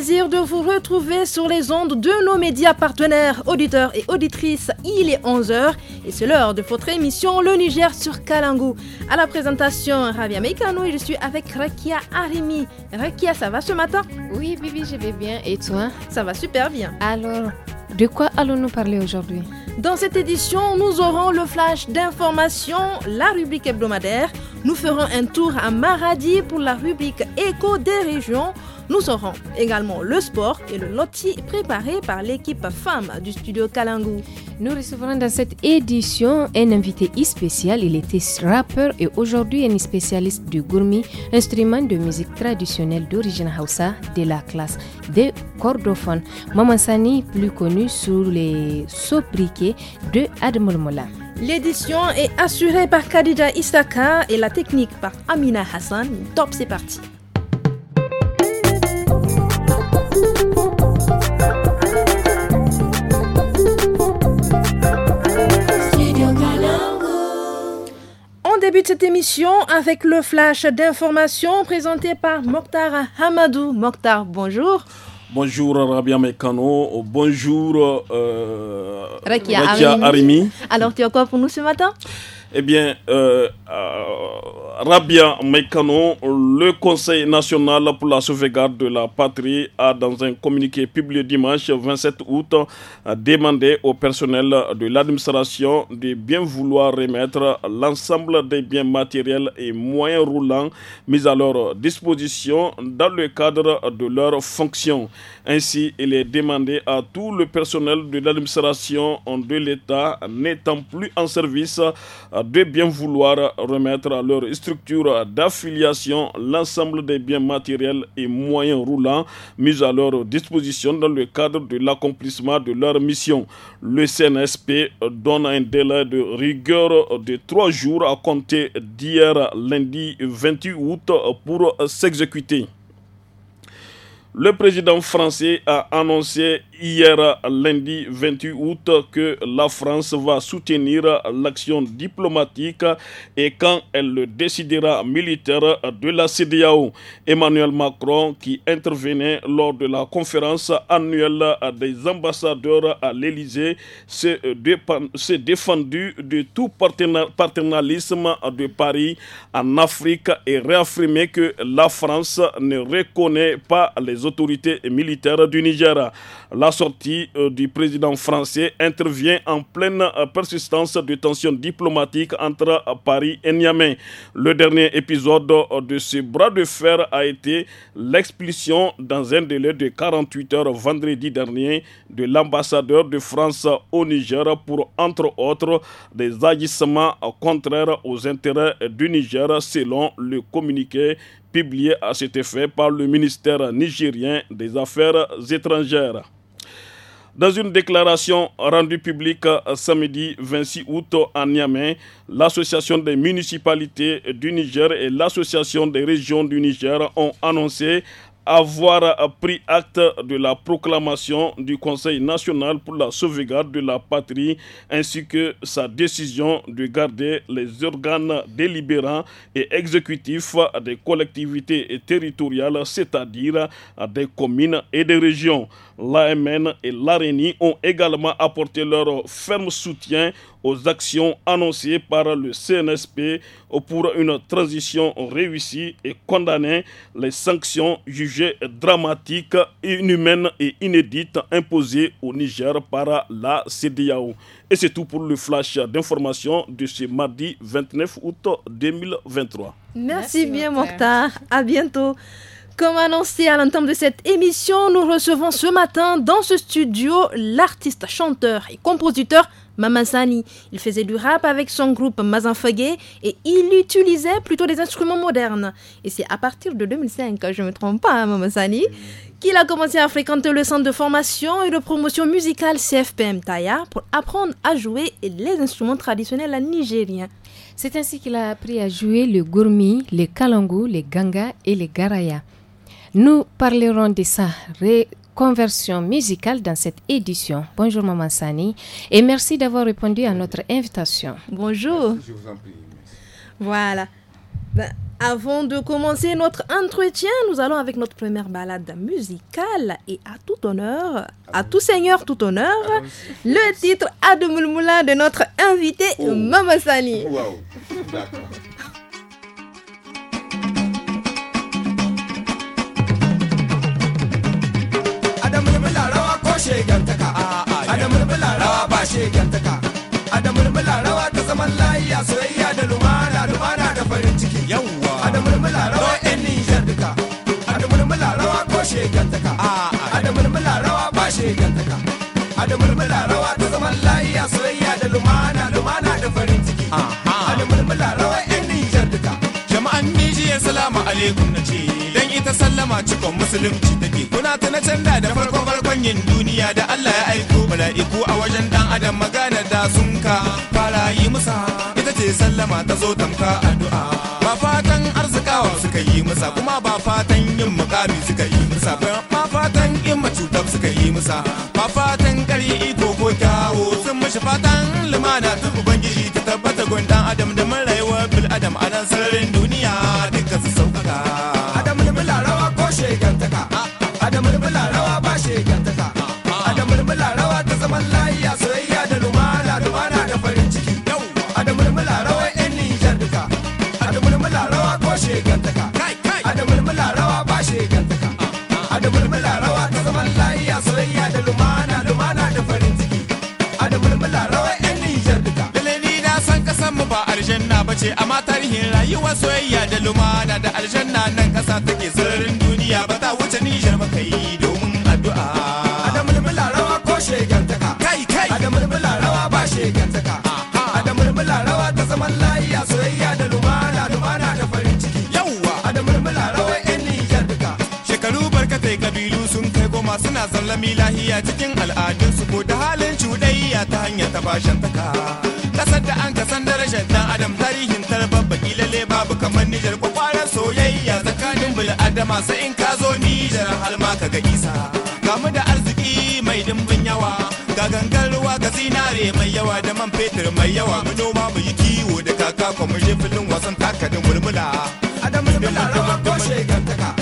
de vous retrouver sur les ondes de nos médias partenaires, auditeurs et auditrices. Il est 11h et c'est l'heure de votre émission Le Niger sur Kalangu. À la présentation, Ravia Meikano et je suis avec Rakia Arimi. Rakia, ça va ce matin Oui, Bibi, je vais bien. Et toi Ça va super bien. Alors, de quoi allons-nous parler aujourd'hui Dans cette édition, nous aurons le flash d'information la rubrique hebdomadaire. Nous ferons un tour à Maradi pour la rubrique Écho des régions. Nous aurons également le sport et le loti préparé par l'équipe femme du studio Kalangu. Nous recevrons dans cette édition un invité spécial. Il était rappeur et aujourd'hui un spécialiste du gourmet, instrument de musique traditionnelle d'origine Hausa de la classe des cordophones. Sani, plus connu sous les sobriquets de Mola. L'édition est assurée par Khadija Isaka et la technique par Amina Hassan. Top, c'est parti. débute cette émission avec le flash d'informations présenté par Mokhtar Hamadou. Mokhtar, bonjour. Bonjour Rabia Mekano, bonjour euh, Rakia Arimi. Alors tu as quoi pour nous ce matin eh bien, euh, euh, Rabia Mekano, le Conseil national pour la sauvegarde de la patrie, a, dans un communiqué publié dimanche 27 août, demandé au personnel de l'administration de bien vouloir remettre l'ensemble des biens matériels et moyens roulants mis à leur disposition dans le cadre de leurs fonctions. Ainsi, il est demandé à tout le personnel de l'administration de l'État n'étant plus en service de bien vouloir remettre à leur structure d'affiliation l'ensemble des biens matériels et moyens roulants mis à leur disposition dans le cadre de l'accomplissement de leur mission. Le CNSP donne un délai de rigueur de trois jours à compter d'hier lundi 28 août pour s'exécuter. Le président français a annoncé hier lundi 28 août que la France va soutenir l'action diplomatique et quand elle le décidera militaire de la CDAO. Emmanuel Macron, qui intervenait lors de la conférence annuelle des ambassadeurs à l'Élysée, s'est défendu de tout paternalisme de Paris en Afrique et réaffirmé que la France ne reconnaît pas les autorités militaires du Niger. La sortie euh, du président français intervient en pleine euh, persistance de tensions diplomatiques entre euh, Paris et Niamey. Le dernier épisode de ce bras de fer a été l'expulsion dans un délai de 48 heures vendredi dernier de l'ambassadeur de France au Niger pour, entre autres, des agissements contraires aux intérêts du Niger selon le communiqué publié à cet effet par le ministère nigérien des Affaires étrangères. Dans une déclaration rendue publique samedi 26 août à Niamey, l'Association des municipalités du Niger et l'Association des régions du Niger ont annoncé avoir euh, pris acte de la proclamation du Conseil national pour la sauvegarde de la patrie ainsi que sa décision de garder les organes délibérants et exécutifs des collectivités territoriales, c'est-à-dire euh, des communes et des régions. L'AMN et l'ARENI ont également apporté leur ferme soutien aux actions annoncées par le CNSP pour une transition réussie et condamner les sanctions jugées dramatiques, inhumaines et inédites imposées au Niger par la CDAO. Et c'est tout pour le flash d'information de ce mardi 29 août 2023. Merci, bien, Mokhtar. À bientôt. Comme annoncé à l'entente de cette émission, nous recevons ce matin dans ce studio l'artiste, chanteur et compositeur Mamazani. Il faisait du rap avec son groupe Mazanfagé et il utilisait plutôt des instruments modernes. Et c'est à partir de 2005, je ne me trompe pas, hein, Mamassani, qu'il a commencé à fréquenter le centre de formation et de promotion musicale CFPM Taya pour apprendre à jouer les instruments traditionnels nigériens. C'est ainsi qu'il a appris à jouer le gourmi, le kalangu, les ganga et les garaya. Nous parlerons de sa conversion musicale dans cette édition. Bonjour Maman Sani et merci d'avoir répondu à notre invitation. Bonjour. je vous en prie. Voilà. Ben, avant de commencer notre entretien, nous allons avec notre première balade musicale et à tout honneur, à ah tout seigneur, tout honneur, ah le titre Adumulmula de notre invité oh. Maman Sani. shegantaka a da murmula rawa ta zaman layiya soyayya da lumana lumana da farin ciki yawwa a da murmula rawa yan nijar duka a da murmula rawa ko shegantaka a da murmula rawa ba shegantaka a da murmula rawa ta zaman layiya soyayya da lumana lumana da farin ciki a da murmula rawa yan nijar duka jama'an nijiyar salamu alaikum na ce ita sallama cikon musulunci take kuna ta na canda da farko farkon yin duniya da Allah ya aiko mala'iku a wajen dan adam magana da sun fara yi musa ita ce sallama ta zo tamka addu'a ba fatan arzikawa suka yi musa kuma ba fatan yin mukami suka yi musa ba fatan in macutar suka yi musa ba fatan kari iko ko kyawo sun mishi fatan lumana ta ubangiji ta tabbata gwan dan adam da mun rayuwar bil adam a nan sararin duniya wa soyayya da lumana da aljanna nan kasa take sararin duniya ba ta wuce nijar maka yi domin addu'a adam mulmula rawa ko shegantaka kai kai adam mulmula rawa ba shegantaka adam mulmula rawa ta zaman layya soyayya da lumana lumana da farin ciki yawwa adam mulmula rawa yan nijar duka shekaru barkatai kabilu sun kai goma suna zallami lahiya cikin al'adunsu ko da halin cuɗayya ta hanyar taka an ka san darajar dan adam tarihin tarbar baki lalle babu kamar nijar kwakwaran soyayya tsakanin adama sai in ka zo nijar har ma ka ga isa kamu da arziki mai dimbin yawa ga gangan ruwa ga zinare mai yawa da man fetur mai yawa mu noma mu yi kiwo da kaka kuma filin wasan takadin murmula adam murmula rawa ko shegantaka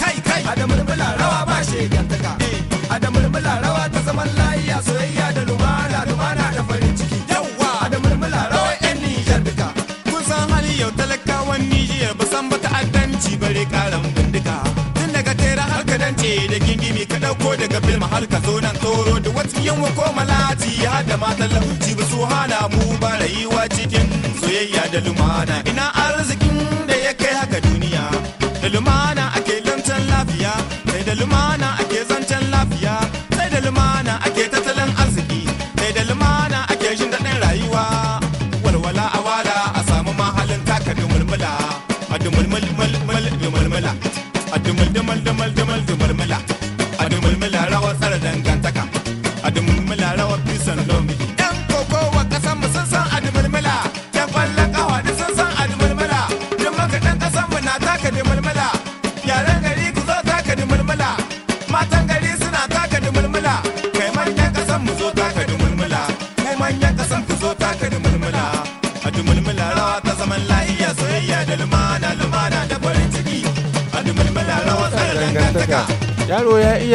ne da gingimi ka ko daga film har ka zo nan toro da wata yanwa ko malati har da matan lahuci ba su hana mu ba rayuwa cikin soyayya da lumana ina arziki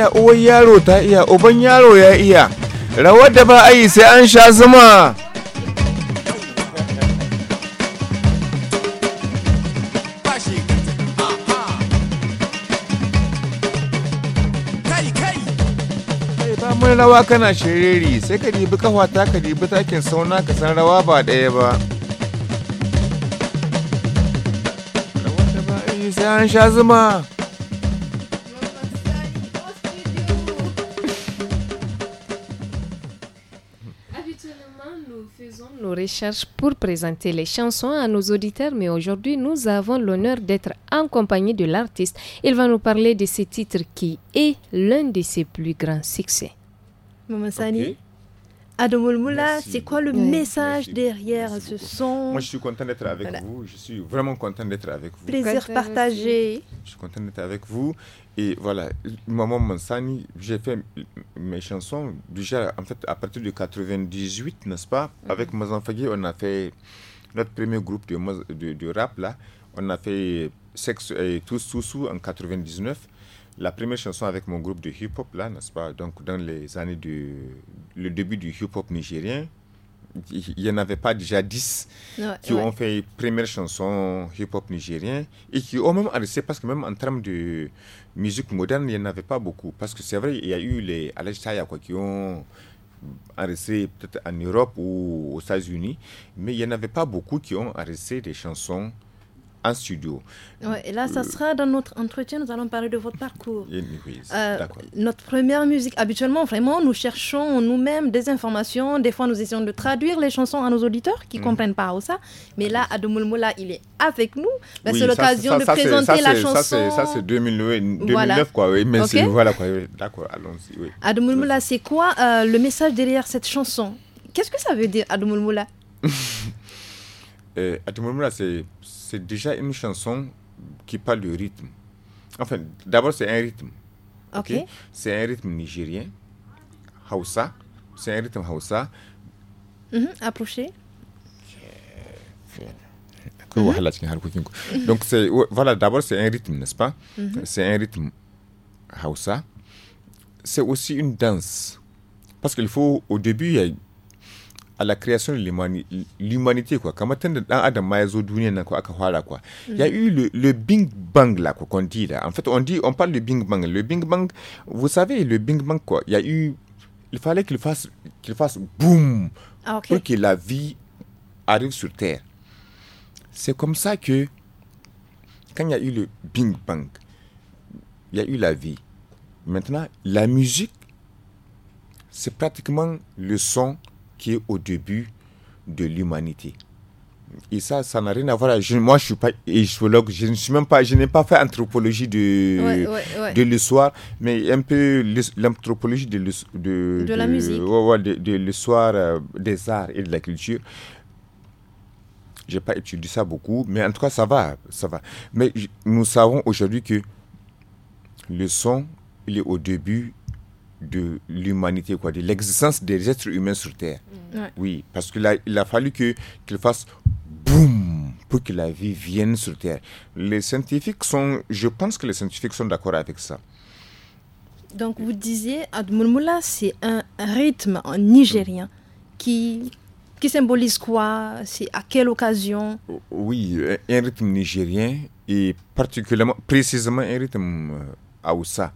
iya uwar yaro ta iya uban yaro ya iya rawar da ba a yi sai an sha zuma mun rawa kana shiriri sai ka dibi ta ka dibi takin sauna ka san rawa ba ɗaya ba ba a yi sai an sha zuma pour présenter les chansons à nos auditeurs, mais aujourd'hui nous avons l'honneur d'être en compagnie de l'artiste. Il va nous parler de ce titre qui est l'un de ses plus grands succès. Maman Sani, Adam Moula, c'est quoi le message derrière ce son Moi, je suis content d'être avec vous. Je suis vraiment content d'être avec vous. Plaisir partagé. Je suis content d'être avec vous. Et voilà, Maman Mansani, j'ai fait mes chansons déjà en fait à partir de 98, n'est-ce pas mhm. Avec Mazan Fagui, on a fait notre premier groupe de, rap là. On a fait Sex et Tous Sous en 99 la première chanson avec mon groupe de hip-hop, là, n'est-ce pas Donc, dans les années du. le début du hip-hop nigérien, il n'y en avait pas déjà 10 qui ont fait première chanson hip-hop nigérien et qui ont même arrêté parce que même en termes de musique moderne, il n'y en avait pas beaucoup. Parce que c'est vrai, il y a eu les Alej qui ont arrêté peut-être en Europe ou aux États-Unis, mais il n'y en avait pas beaucoup qui ont arrêté des chansons studio. et là, ça sera dans notre entretien, nous allons parler de votre parcours. Euh, notre première musique, habituellement, vraiment, nous cherchons nous-mêmes des informations. Des fois, nous essayons de traduire les chansons à nos auditeurs qui mhm. comprennent pas ça. Mais là, moula il est avec nous. Ben, c'est l'occasion de présenter la chanson. Ça, c'est 2009, 2009 quoi. Oui, mais okay. voilà, quoi. D'accord, allons-y. Oui. c'est quoi euh, le message derrière cette chanson Qu'est-ce que ça veut dire, moula Euh, Atumumura, c'est déjà une chanson qui parle du rythme. Enfin, d'abord, c'est un rythme. Ok. C'est un rythme nigérien. Hausa. C'est un rythme Hausa. Mhm, approché. Mhm. Donc, voilà, d'abord, c'est un rythme, n'est-ce pas mhm. C'est un rythme Hausa. C'est aussi une danse. Parce qu'il faut, au début, il y a à la création de l'humanité quoi quoi il y a mm. eu le, « bang là quoi qu'on dit là en fait on dit on parle du « bang le big bang vous savez le « bang quoi il y a eu il fallait qu'il fasse qu'il fasse boum ah, pour que la vie arrive sur terre c'est comme ça que quand il y a eu le « bang il y a eu la vie maintenant la musique c'est pratiquement le son est au début de l'humanité. Et ça, ça n'a rien à voir. Je, moi, je suis pas échologue. Je ne suis même pas. Je n'ai pas fait anthropologie de de l'histoire, mais un peu l'anthropologie de, de, de la musique, de, l'histoire euh, des arts et de la culture. J'ai pas étudié ça beaucoup, mais en tout cas, ça va, ça va. Mais nous savons aujourd'hui que le son, il est au début de l'humanité, quoi, de l'existence des êtres humains sur Terre. Mm. Oui, parce qu'il a, il a fallu que, qu'il fasse boum pour que la vie vienne sur Terre. Les scientifiques sont, je pense que les scientifiques sont d'accord avec ça. Donc vous disiez, Admoulmoula, c'est un rythme en nigérien qui, qui symbolise quoi C'est à quelle occasion Oui, un rythme nigérien et particulièrement, précisément un rythme euh, Aoussa.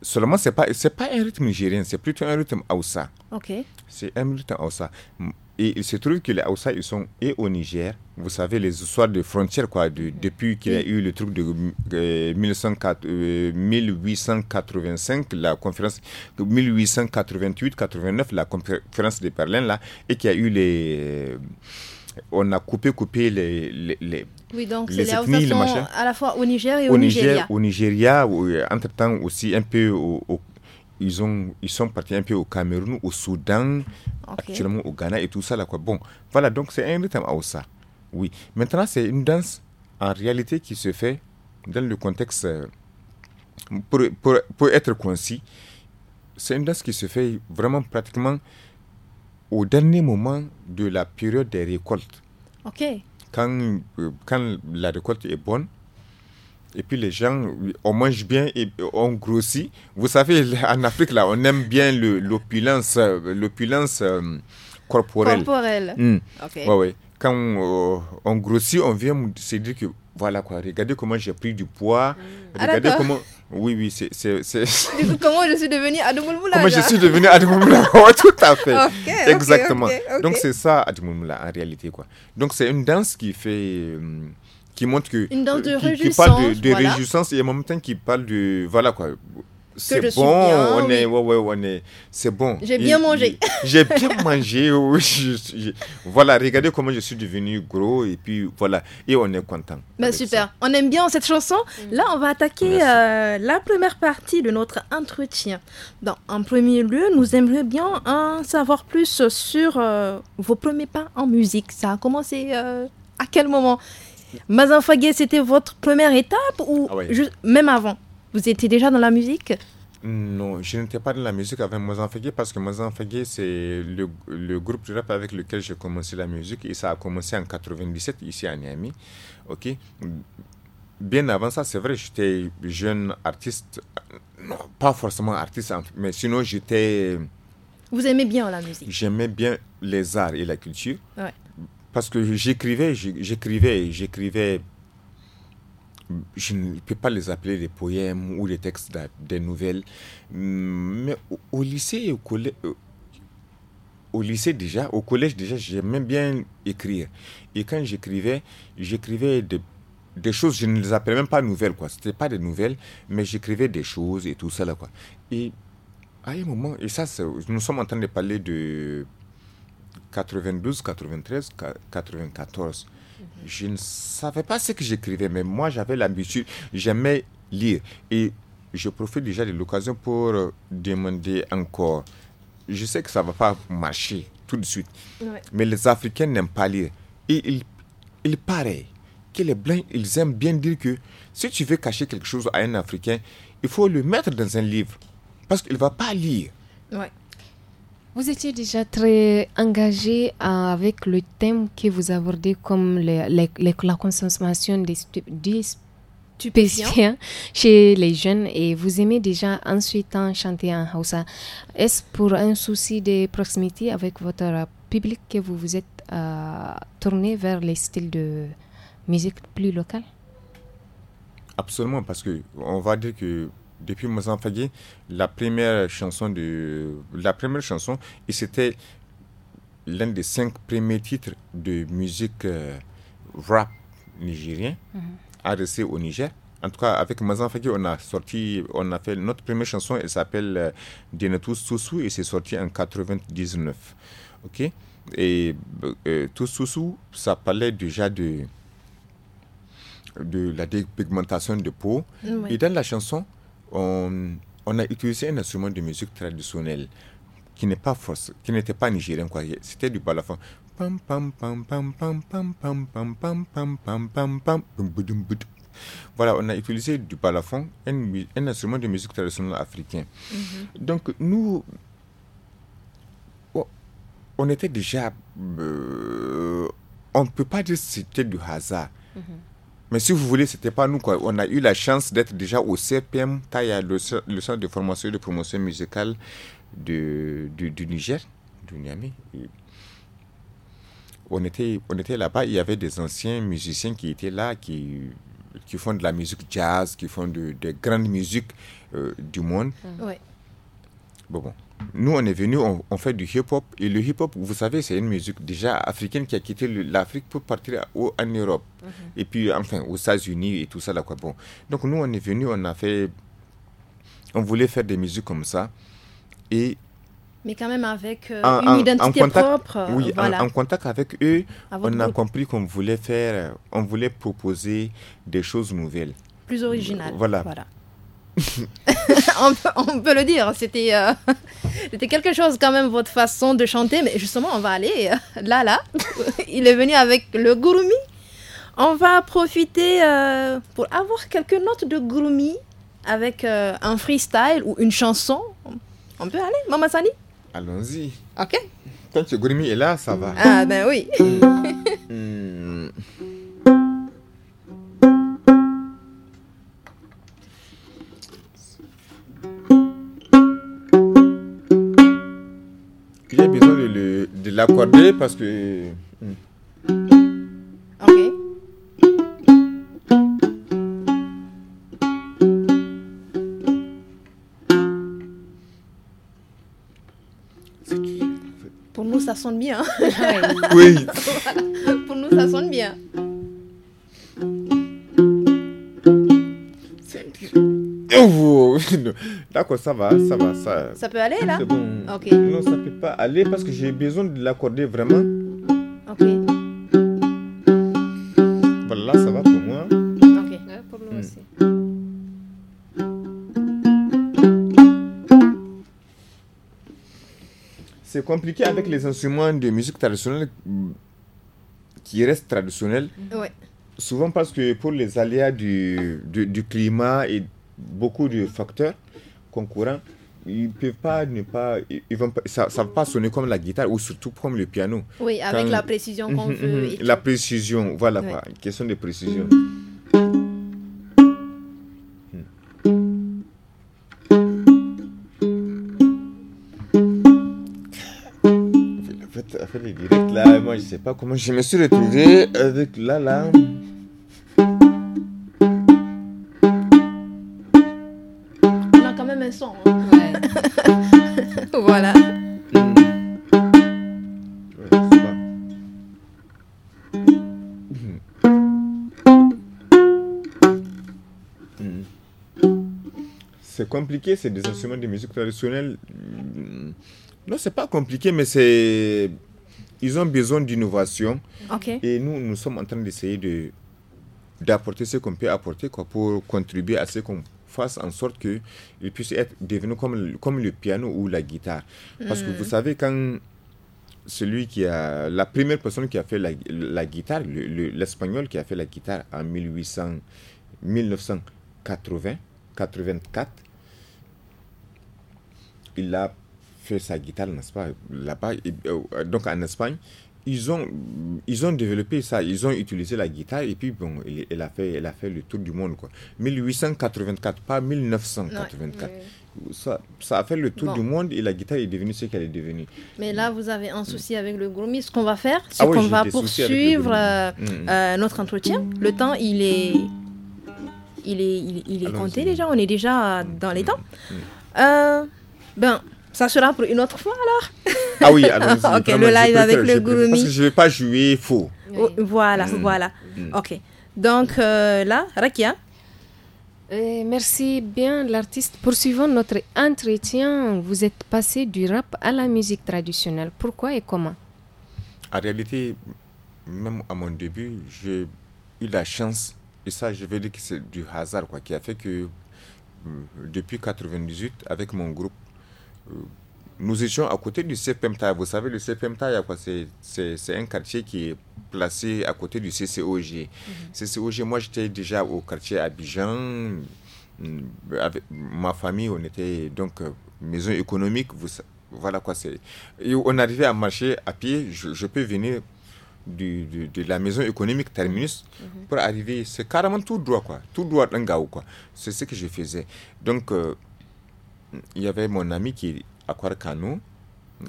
Seulement, ce n'est pas, pas un rythme nigérien, c'est plutôt un rythme Aoussa. Ok. C'est un rythme Aoussa. Et il se trouve que les Aoussa, ils sont et au Niger, vous savez, les histoires de frontières, quoi, depuis qu'il y a eu le truc de 1885, euh, euh, la conférence de 1888-89, la conférence de Berlin, là, et qu'il y a eu les on a coupé, coupé les, les, oui, donc les ethnies, les à la fois au Niger et au, Nigeria. au Nigeria, euh, entre-temps aussi un peu ils, ont, ils sont partis un peu au Cameroun, au Soudan, actuellement au Ghana et tout ça. Là, quoi. Bon, voilà, donc c'est un rythme à ça. Oui. Maintenant, c'est une danse en réalité qui se fait dans le contexte, euh, pour, pour, pour être concis, c'est une danse qui se fait vraiment pratiquement au dernier moment de la période des récoltes. OK. Quand, euh, quand la récolte est bonne, et puis les gens, euh, on mange bien et euh, on grossit. Vous savez, en Afrique, là, on aime bien l'opulence corporelle. Corporelle. Hmm. Quand on grossit, on vient se dire que voilà quoi, regardez comment j'ai pris du poids, hmm. ah, regardez comment oui, oui, c'est. Du coup, comment je suis devenu Adumulmula Comment je suis devenu Adumulmula Tout à fait. Exactement. Donc, c'est ça, Adumulmula, en réalité. quoi. Donc, c'est une danse qui fait. Euh, qui montre que. Une danse de réjouissance. Qui parle de, réjouissance et même qui parle de. Voilà, quoi c'est bon, on est, c'est bon. J'ai bien mangé. J'ai bien mangé. voilà, regardez comment je suis devenu gros et puis voilà, et on est content. Bah, super, on aime bien cette chanson. Mm. Là, on va attaquer euh, la première partie de notre entretien. en premier lieu, nous aimerions bien en savoir plus sur euh, vos premiers pas en musique. Ça a commencé euh, à quel moment Mazin c'était votre première étape ou ah même avant vous étiez déjà dans la musique non, je n'étais pas dans la musique avec Mozan parce que Mozan c'est le, groupe de rap avec lequel j'ai commencé la musique et ça a commencé en 97 ici à Niamey. Ok Bien avant ça, c'est vrai, j'étais jeune artiste, non, pas forcément artiste, mais sinon j'étais. Vous aimez bien la musique J'aimais bien les arts et la culture. Parce que j'écrivais, j'écrivais, j'écrivais je ne peux pas les appeler des poèmes ou des textes, des nouvelles, mm, mais au, lycée et au collège, euh, au lycée déjà, au collège déjà, j'aimais bien écrire. Et quand j'écrivais, j'écrivais des, choses, je ne les appelais même pas nouvelles, quoi. C'était pas des nouvelles, mais j'écrivais des choses et tout ça, là, quoi. Et à un moment, et ça, nous sommes en train de parler de 92, 93, 94. Je ne savais pas ce que j'écrivais, mais moi j'avais l'habitude, j'aimais lire. Et je profite déjà de l'occasion pour euh, demander encore. Je sais que ça ne va pas marcher tout de suite, mais les Africains n'aiment pas lire. Et il, paraît que les Blancs, ils aiment bien dire que si tu veux cacher quelque chose à un Africain, il faut le mettre dans un livre, parce qu'il ne va pas lire. Ouais. Vous étiez déjà très engagé euh, avec le thème que vous abordez comme les, la consommation des, stupéfiants chez les jeunes et vous aimez déjà ensuite en chanter en Hausa. Est-ce pour un souci de proximité avec votre euh, public que vous vous êtes euh, tourné vers les styles de musique plus locaux Absolument, parce que on va dire que depuis Mazan Fagui, la première chanson de la première chanson et c'était l'un des cinq premiers titres de musique euh, rap nigérien mhm. à adressé au Niger. En tout cas, avec Mazan on a sorti, on a fait notre première chanson, elle s'appelle euh, et c'est sorti en 99. Ok Et euh, sousou ça parlait déjà de, de la dépigmentation de peau. Et dans la chanson, on, a utilisé un instrument de musique traditionnelle qui n'est pas force, qui n'était pas nigérien, quoi. C'était du balafon. voilà, on a utilisé du balafon, un, instrument de musique traditionnelle africain. Donc nous, on était déjà, on ne peut pas dire que c'était du hasard. Mais si vous voulez, ce n'était pas nous. Quoi. On a eu la chance d'être déjà au CPM le, centre de formation et de promotion musicale de, du, Niger, du Niamey. On était, on était là-bas, il y avait des anciens musiciens qui étaient là, qui, qui font de la musique jazz, qui font de, de grandes musiques euh, du monde. Mm. Oui. Bon, bon, nous, on est venu, on, fait du hip-hop. Et le hip-hop, vous savez, c'est une musique déjà africaine qui a quitté l'Afrique pour partir en Europe. Mhm. Et puis, enfin, aux États-Unis et tout ça, là, quoi. Bon. Donc, nous, on est venu, on a fait. On voulait faire des musiques comme ça. Et. Mais quand même avec euh, une identité contact, propre. Euh, oui, en, contact avec eux, on a compris qu'on voulait faire. Euh, on voulait proposer des choses nouvelles. Plus originales. voilà. on, peut, le dire, euh, c'était quelque chose quand même votre façon de chanter, mais justement on va aller euh, là là. Il est venu avec le gourmi On va profiter euh, pour avoir quelques notes de gourmi avec un freestyle ou une chanson. On peut aller, Maman Sani Allons-y. Ok. Quand que gourmi est là, ça va. Ah ben oui. parce que. Ok. Hmm. Pour nous, ça sonne bien. oui. Pour nous, ça sonne bien. C'est D'accord, ça va, ça va. Ça, ça peut aller là Non, ça peut pas aller parce que j'ai besoin de l'accorder vraiment. Ok. Voilà, ça va pour moi. Ok, pour nous hmm. aussi. C'est compliqué avec les instruments de musique traditionnelle qui restent traditionnels. Mm. Oui. Souvent parce que pour les aléas du climat et beaucoup de facteurs, Concurrent, ils peut pas ne pas, ils vont pas, ça, va pas sonner comme la guitare ou surtout comme le piano. Oui, avec la précision qu'on mhm, veut. Mhm. la précision, voilà, question de précision. Hmm. En les là, moi je sais pas comment je me suis retrouvé avec la langue. même un son. Hein. voilà. c'est compliqué, c'est des instruments de musique traditionnelle. Non, c'est pas compliqué, mais c'est. Ils ont besoin d'innovation. ok Et nous, nous sommes en train d'essayer de d'apporter ce qu'on peut apporter quoi, pour contribuer à ce qu'on fasse en sorte qu'il puisse être devenu comme, comme le piano ou la guitare. Parce que mm. vous savez, quand celui qui a la première personne qui a fait la, guitare, l'espagnol le, qui a fait la guitare en 1800, 1980, 84, il a fait sa guitare, n'est-ce pas, là-bas, euh, donc en Espagne, ils ont, ils ont développé ça, ils ont utilisé la guitare et puis bon, elle, a, fait, elle a fait le tour du monde quoi. 1884, pas 1984. ça, ça, a fait le tour du monde et la guitare est devenue ce qu'elle est devenue. Mais là, vous avez un souci avec le groomy. Ce qu'on va faire, c'est ah qu'on va poursuivre euh, mm. euh, notre entretien. Le temps, il est, il est, il, est compté déjà. On est déjà dans les temps. Mm. Mm. Euh, ben, ça sera pour une autre fois alors Ah oui, alors... ok, le live avec le gourou. Parce que je ne vais pas jouer faux. Oh, voilà, mm. voilà. Mm. Ok. Donc euh, là, Rakia. Euh, merci bien l'artiste. Poursuivons notre entretien. Vous êtes passé du rap à la musique traditionnelle. Pourquoi et comment En réalité, même à mon début, j'ai eu la chance, et ça je vais dire que c'est du hasard, quoi, qui a fait que mm, depuis 98, avec mon groupe, nous étions à côté du CPMTA. Vous savez, le CPMTA, c'est un quartier qui est placé à côté du CCOG. Mhm. CCOG, moi, j'étais déjà au quartier Abidjan. Mm, avec ma famille, on était donc euh, maison économique. Vous, voilà quoi c'est. on arrivait à marcher à pied. Je, peux venir de la maison économique Terminus mhm. pour arriver. C'est carrément tout droit, quoi. Tout droit d'un quoi. C'est ce que je faisais. Donc, euh, il y avait mon ami qui à nous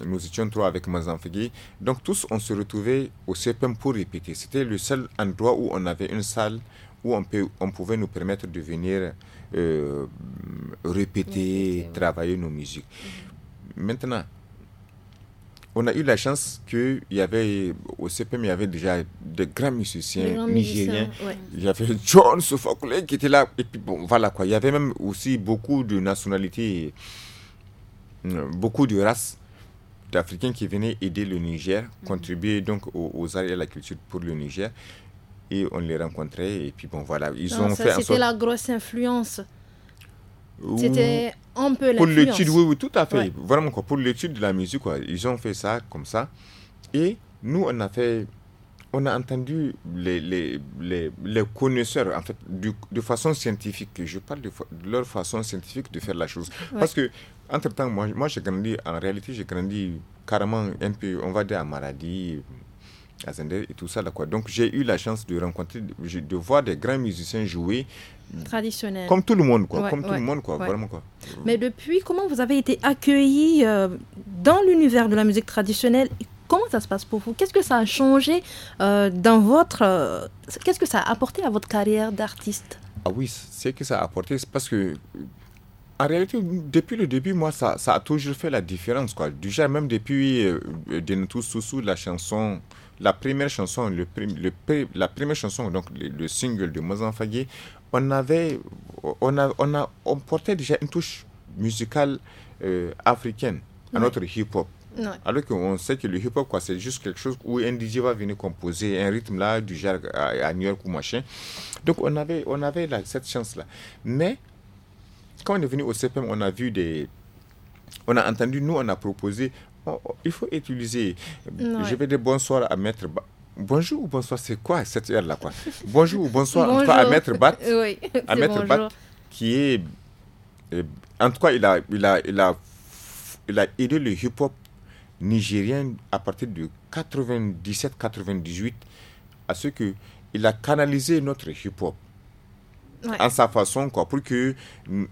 Nous étions trois avec Mazanfegui. Donc tous, on se retrouvait au CPM pour répéter. C'était le seul endroit où on avait une salle où on, peut, on pouvait nous permettre de venir euh, répéter, travailler nos musiques. Maintenant, on a eu la chance qu'il y avait, au CPM, il y avait déjà de grands musiciens nigériens. Il y avait John Sofokle qui était là. Et puis, bon, voilà quoi. Il y avait même aussi beaucoup de nationalités, euh, beaucoup de races d'Africains qui venaient aider le Niger, mhm. contribuer donc aux, aux arts et à la culture pour le Niger. Et on les rencontrait. Et puis, bon, voilà. Ils ont ça, fait. C'était la grosse influence. C'était un peu Pour l'étude, oui, oui, tout à fait. Vraiment, quoi, pour l'étude de la musique, quoi, ils ont fait ça comme ça. Et nous, on a fait. On a entendu les, les, les, les connaisseurs, en fait, de façon scientifique. Je parle de, leur façon scientifique de faire la chose. Parce que, entre-temps, moi, moi j'ai grandi, en réalité, j'ai grandi carrément un peu, on va dire, à maladie, à et tout ça. Là, quoi. Donc j'ai eu la chance de rencontrer, de voir des grands musiciens jouer. traditionnel Comme tout le monde, quoi. comme tout le monde, quoi. Vraiment, quoi. Mais depuis, comment vous avez été accueilli euh, dans l'univers de la musique traditionnelle Comment ça se passe pour vous Qu'est-ce que ça a changé euh, dans votre. Euh, qu'est-ce que ça a apporté à votre carrière d'artiste Ah oui, c'est que ça a apporté, c'est parce que en réalité, depuis le début, moi, ça, ça a toujours fait la différence. Quoi. Déjà, même depuis euh, tous la chanson, la première chanson, le, le la première chanson, donc le, single de Mozan Fagué, on avait, on a, on a, on portait déjà une touche musicale euh, africaine à notre hip-hop. alors Alors qu'on sait que le hip-hop, quoi, c'est juste quelque chose où un DJ va venir composer un rythme là, du genre à, New York ou machin. Donc on avait, on avait cette chance-là. Mais quand on est venu au CPM, on a vu des. On a entendu, nous, on a proposé. Oh, oh, il faut utiliser. Je vais dire bonsoir à Maître. Bonjour ou bonsoir, c'est quoi cette heure-là quoi Bonjour ou bonsoir, à Maître Bat. à Maître Bat, qui est. En tout cas, il a, il a aidé le hip-hop nigérien à partir de 97-98 à ce que il a canalisé notre hip-hop en sa façon, quoi, pour que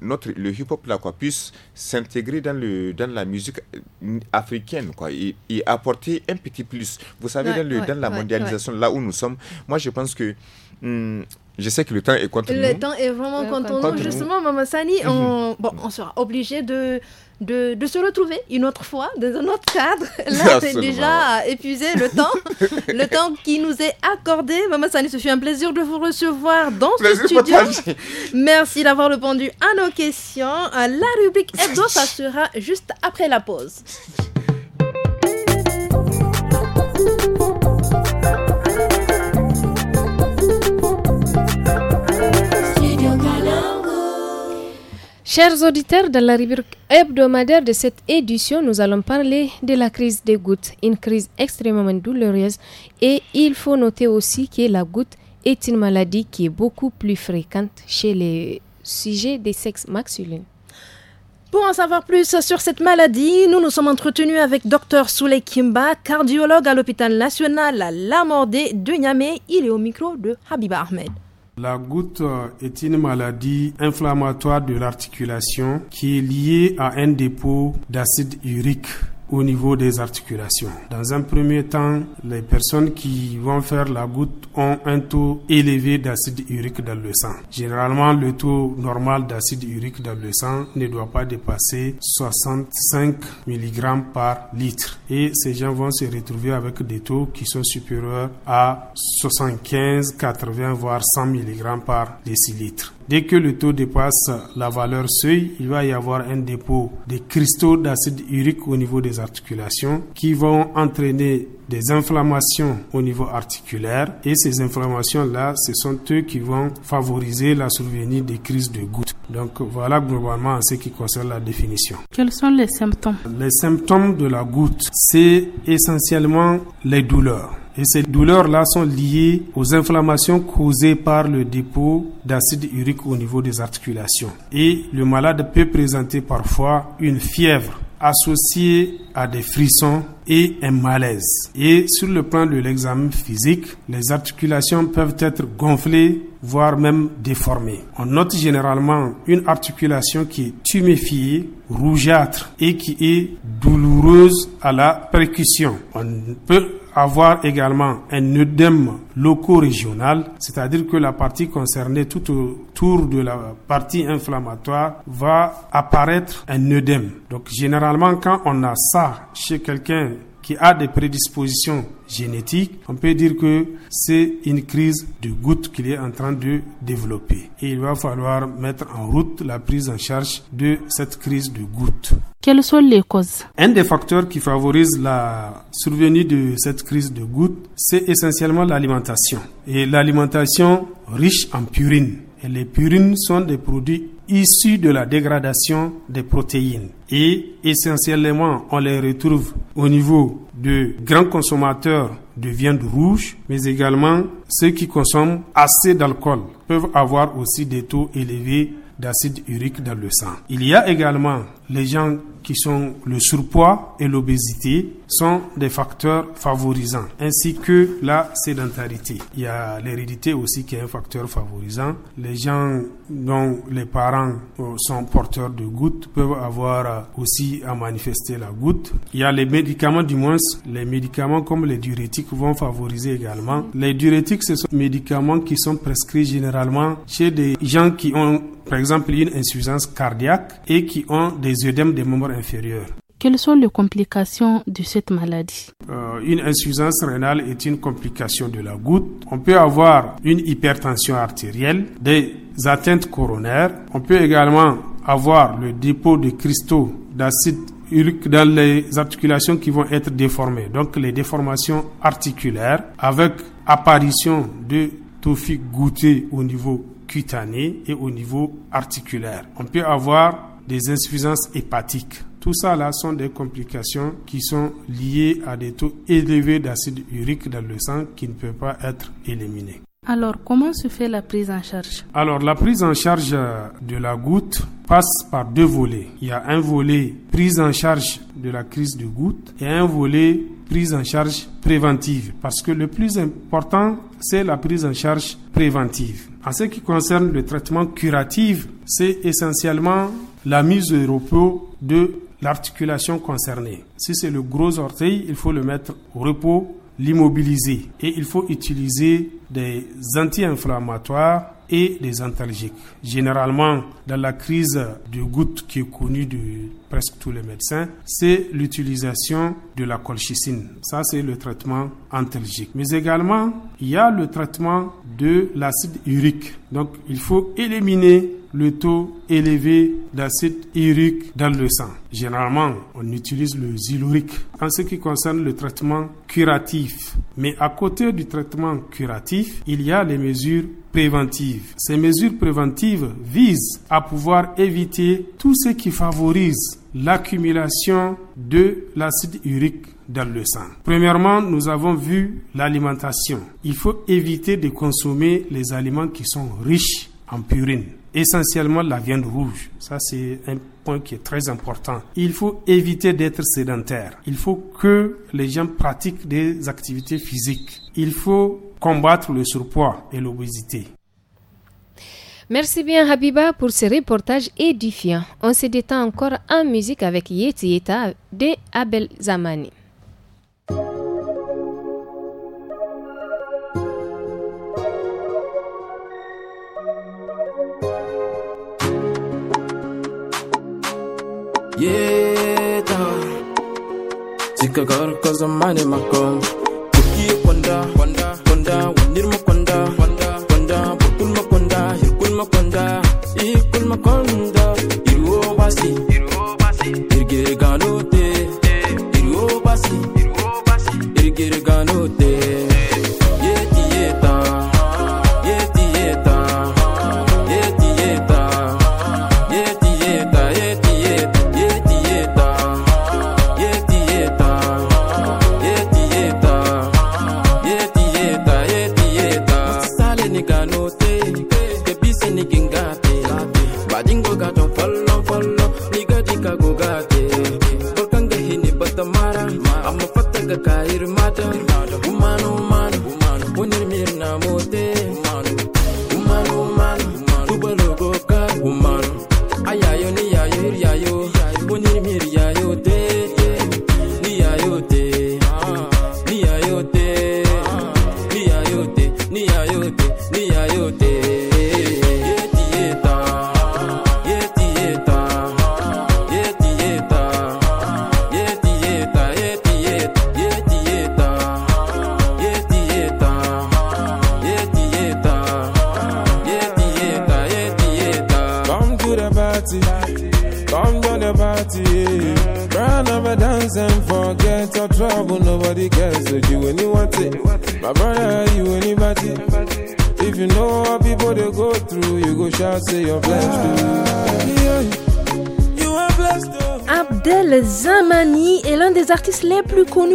notre, le hip-hop là, quoi, puisse s'intégrer dans, le, dans la musique euh, africaine quoi, et, apporter un petit plus. Vous savez, dans, le, dans la mondialisation, là où nous sommes, moi je pense que. Hmm, je sais que le temps est contre le nous. Le temps est vraiment contre, nous. Justement, Maman Sani, mhm. on, bon, on sera obligé de de, se retrouver une autre fois dans un autre cadre. Là, c'est déjà épuisé le temps, le temps qui nous est accordé. Maman Sani, ce fut un plaisir de vous recevoir dans ce studio. Merci d'avoir répondu à nos questions. La rubrique hebdo, ça sera juste après la pause. Chers auditeurs, dans la rubrique hebdomadaire de cette édition, nous allons parler de la crise des gouttes, une crise extrêmement douloureuse et il faut noter aussi que la goutte est une maladie qui est beaucoup plus fréquente chez les sujets des sexes masculins. Pour en savoir plus sur cette maladie, nous nous sommes entretenus avec Dr Souley Kimba, cardiologue à l'hôpital national à Lamordé de Niamey. Il est au micro de Habiba Ahmed. La goutte euh, est une maladie inflammatoire de l'articulation qui est liée à un dépôt d'acide urique au niveau des articulations. Dans un premier temps, les personnes qui vont faire la goutte ont un taux élevé d'acide urique dans le sang. Généralement, le taux normal d'acide urique dans le sang ne doit pas dépasser 65 mg par litre. Et ces gens vont se retrouver avec des taux qui sont supérieurs à 75, 80, voire 100 mg par décilitre. Dès que le taux dépasse la valeur seuil, il va y avoir un dépôt de cristaux d'acide urique au niveau des articulations qui vont entraîner des inflammations au niveau articulaire et ces inflammations-là, ce sont eux qui vont favoriser la survenue des crises de goutte. Donc voilà globalement en ce qui concerne la définition. Quels sont les symptômes Les symptômes de la goutte, c'est essentiellement les douleurs. Et ces douleurs-là sont liées aux inflammations causées par le dépôt d'acide urique au niveau des articulations. Et le malade peut présenter parfois une fièvre associée à des frissons et un malaise. Et sur le plan de l'examen physique, les articulations peuvent être gonflées, voire même déformées. On note généralement une articulation qui est tuméfiée, rougeâtre et qui est douloureuse à la percussion. On peut avoir également un œdème loco-régional, c'est-à-dire que la partie concernée tout autour de la partie inflammatoire va apparaître un œdème. Donc généralement quand on a ça chez quelqu'un qui a des prédispositions génétiques, on peut dire que c'est une crise de goutte qu'il est en train de développer. Et il va falloir mettre en route la prise en charge de cette crise de goutte. Quelles sont les causes Un des facteurs qui favorise la survenue de cette crise de goutte, c'est essentiellement l'alimentation. Et l'alimentation riche en purines. Et les purines sont des produits issus de la dégradation des protéines. Et essentiellement, on les retrouve au niveau de grands consommateurs de viande rouge, mais également ceux qui consomment assez d'alcool peuvent avoir aussi des taux élevés d'acide urique dans le sang. Il y a également les gens qui sont le surpoids et l'obésité sont des facteurs favorisants, ainsi que la sédentarité. Il y a l'hérédité aussi qui est un facteur favorisant. Les gens dont les parents euh, sont porteurs de gouttes peuvent avoir euh, aussi à manifester la goutte. Il y a les médicaments du moins, les médicaments comme les diurétiques vont favoriser également. Les diurétiques, ce sont des médicaments qui sont prescrits généralement chez des gens qui ont par exemple une insuffisance cardiaque et qui ont des œdèmes des membres inférieurs. Quelles sont les complications de cette maladie euh, Une insuffisance rénale est une complication de la goutte. On peut avoir une hypertension artérielle, des atteintes coronaires. On peut également avoir le dépôt de cristaux d'acide urique dans les articulations qui vont être déformées. Donc les déformations articulaires avec apparition de tophiques gouttées au niveau cutané et au niveau articulaire. On peut avoir des insuffisances hépatiques. Tout ça là sont des complications qui sont liées à des taux élevés d'acide urique dans le sang qui ne peut pas être éliminé. Alors, comment se fait la prise en charge Alors, la prise en charge de la goutte passe par deux volets. Il y a un volet prise en charge de la crise de goutte et un volet prise en charge préventive. Parce que le plus important, c'est la prise en charge préventive. En ce qui concerne le traitement curatif, c'est essentiellement la mise au repos de l'articulation concernée. Si c'est le gros orteil, il faut le mettre au repos, l'immobiliser et il faut utiliser des anti-inflammatoires et les antalgiques. Généralement, dans la crise de goutte qui est connue de presque tous les médecins, c'est l'utilisation de la colchicine. Ça, c'est le traitement antalgique. Mais également, il y a le traitement de l'acide urique. Donc, il faut éliminer le taux élevé d'acide urique dans le sang. Généralement, on utilise le zylurique en ce qui concerne le traitement curatif. Mais à côté du traitement curatif, il y a les mesures préventive. Ces mesures préventives visent à pouvoir éviter tout ce qui favorise l'accumulation de l'acide urique dans le sang. Premièrement, nous avons vu l'alimentation. Il faut éviter de consommer les aliments qui sont riches en purine, essentiellement la viande rouge. Ça, c'est un point qui est très important. Il faut éviter d'être sédentaire. Il faut que les gens pratiquent des activités physiques. Il faut combattre le surpoids et l'obésité. Merci bien Habiba pour ce reportage édifiant. On se détend encore en musique avec Yeti Yeta de Abel Zamani.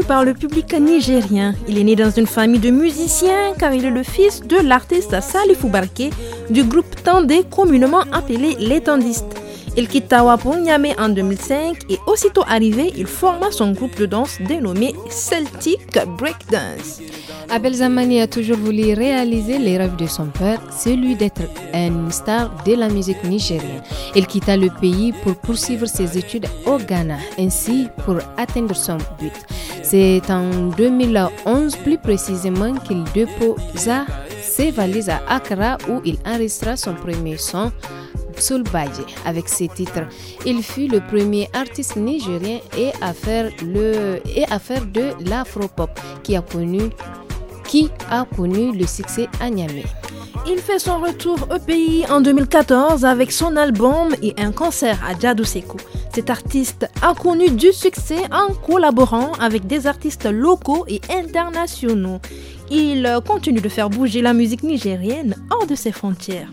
par le public nigérien. Il est né dans une famille de musiciens car il est le fils de l'artiste Salifou Barke du groupe Tandé communément appelé les Tandistes. Il quitta pour en 2005 et aussitôt arrivé, il forma son groupe de danse dénommé Celtic Breakdance. Abel Zamani a toujours voulu réaliser les rêves de son père, celui d'être une star de la musique nigérienne. Il quitta le pays pour poursuivre ses études au Ghana, ainsi pour atteindre son but. C'est en 2011 plus précisément qu'il déposa ses valises à Accra où il enregistra son premier son. Badje, avec ses titres. Il fut le premier artiste nigérien et à faire, le, et à faire de l'afropop qui a connu qui a connu le succès à Niamey. Il fait son retour au pays en 2014 avec son album et un concert à Djadou cet artiste a connu du succès en collaborant avec des artistes locaux et internationaux. Il continue de faire bouger la musique nigérienne hors de ses frontières.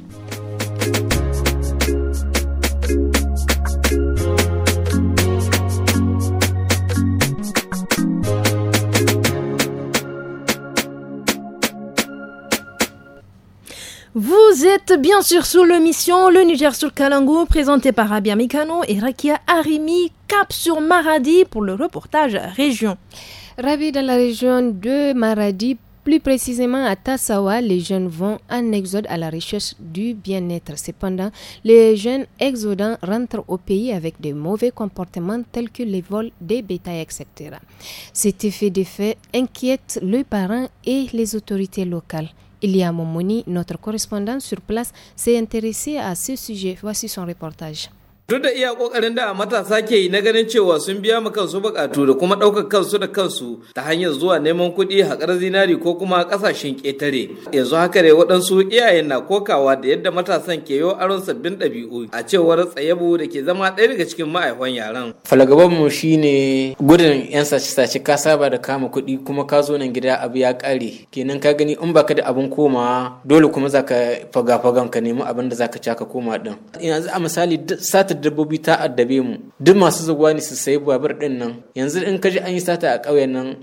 Vous êtes bien sûr sous le mission Le Niger sur Kalango, présenté par Abia Mikano et Rakia Arimi, cap sur Maradi pour le reportage région. Ravi dans la région de Maradi, plus précisément à Tassawa, les jeunes vont en exode à la recherche du bien-être. Cependant, les jeunes exodants rentrent au pays avec des mauvais comportements tels que les vols des bétails, etc. Cet effet d'effet inquiète les parents et les autorités locales. Ilia Momoni, notre correspondante sur place, s'est intéressé à ce sujet. Voici son reportage. Duk da iya kokarin da matasa ke yi na ganin cewa sun biya ma kansu bukatu da kuma ɗaukar kansu da kansu ta hanyar zuwa neman kuɗi haƙar zinari ko kuma ƙasashen ƙetare. Yanzu haka ne waɗansu iyayen na kokawa da yadda matasan ke yo aron sabbin ɗabi'u a cewar tsayabu da ke zama ɗaya daga cikin ma'aikwan yaran. Falagabanmu mu ne gudun 'yan sace-sace ka saba da kama kuɗi kuma ka zo nan gida abu ya ƙare kenan ka gani in baka da abin koma, dole kuma zaka faga-fagan ka nemi abin da zaka ci ka koma ɗin. Yanzu a misali sata satar dabbobi ta addabe mu duk masu zuwa ne su sayi babur din nan yanzu in ka je an yi sata a ƙauyen nan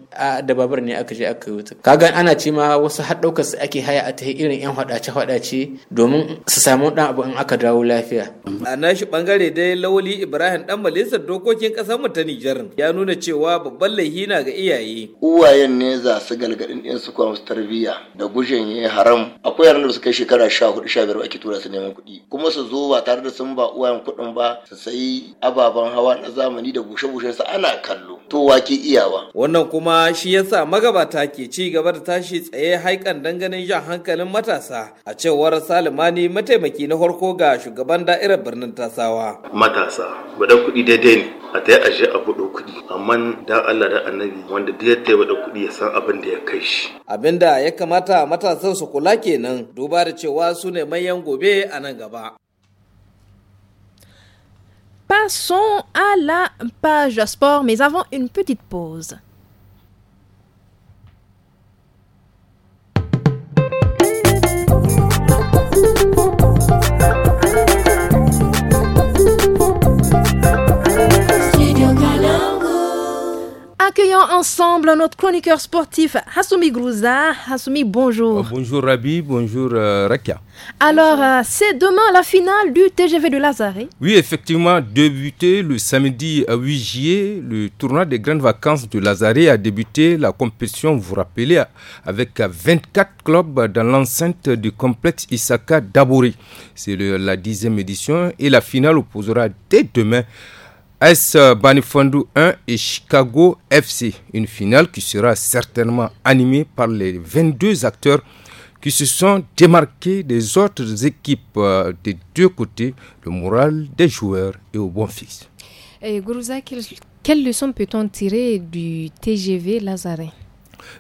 da babur ne aka je aka yi kaga ana ce ma wasu har ɗaukar su ake haya a ta irin yan faɗace faɗace domin su samu ɗan abu in aka dawo lafiya. a nashi bangare dai lawali ibrahim dan malisar dokokin ƙasar mu ta nijar ya nuna cewa babban laihi na ga iyaye. uwayen ne za su galgadin ɗin su kuma su tarbiyya da gushen yin haram akwai yaran da su kai shekara sha hudu sha biyar ake tura su neman kuɗi kuma su zo ba tare da sun ba uwayen kuɗin ba su sayi ababen hawa na zamani da bushe-bushen sa ana kallo to wake iyawa wannan kuma shi yasa magabata ke ci gaba da tashi tsaye haikan danganin jan hankalin matasa a cewar salimani mataimaki na farko ga shugaban da'irar birnin tasawa matasa bada kuɗi daidai ne a ta ashe a buɗo kuɗi amma da Allah da annabi wanda duk ya bada kuɗi ya san abin da ya kai shi abinda ya kamata matasan su kula kenan duba da cewa su ne manyan gobe a nan gaba Passons à la page sport, mais avant une petite pause. Accueillons ensemble notre chroniqueur sportif Hassoumi Grouza. Hassoumi, bonjour. Euh, bonjour Rabi, bonjour euh, Rakia. Alors, euh, c'est demain la finale du TGV de Lazare. Oui, effectivement, débuté le samedi 8 juillet, le tournoi des grandes vacances de Lazare a débuté la compétition, vous rappelez, avec 24 clubs dans l'enceinte du complexe Isaka d'Abori. C'est la dixième édition et la finale opposera dès demain S banifondou 1 et Chicago FC. Une finale qui sera certainement animée par les 22 acteurs qui se sont démarqués des autres équipes euh, des deux côtés, le moral des joueurs et au bon fils. Et Gourouza, quelle, leçon peut-on tirer du TGV Lazarin